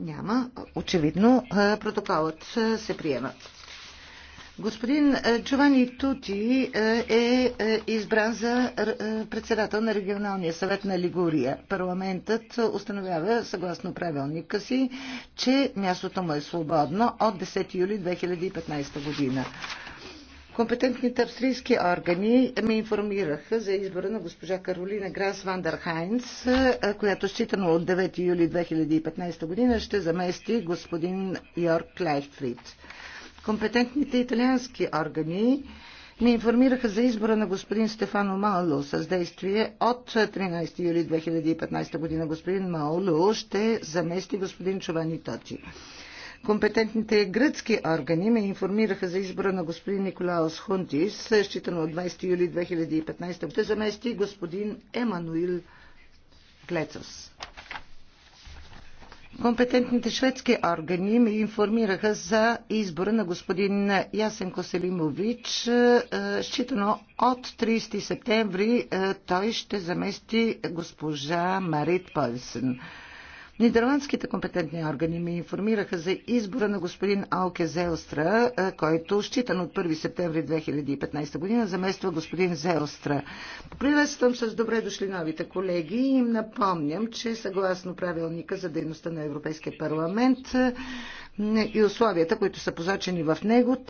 Няма. Очевидно протоколът се приема. Господин Джовани Тути е избран за председател на регионалния съвет на Лигурия. Парламентът установява, съгласно правилника си, че мястото му е свободно от 10 юли 2015 година. Компетентните австрийски органи ме информираха за избора на госпожа Каролина Грас Хайнц, която считано от 9 юли 2015 година ще замести господин Йорк Лайфрид. Компетентните италиански органи ме информираха за избора на господин Стефано Маоло с действие от 13 юли 2015 година. Господин Маоло ще замести господин Човани Тоти. Компетентните гръцки органи ме информираха за избора на господин Николаос Хунтис, считано от 20 юли 2015 година, замести господин Емануил Клецос. Компетентните шведски органи ме информираха за избора на господин Ясен Коселимович. Е, считано от 30 септември е, той ще замести госпожа Марит Пълсен. Нидерландските компетентни органи ми информираха за избора на господин Алке Зелстра, е, който считан от 1 септември 2015 година замества господин Зелстра. Приветствам с добре дошли новите колеги и им напомням, че съгласно правилника за дейността на Европейския парламент е, и условията, които са позачени в него,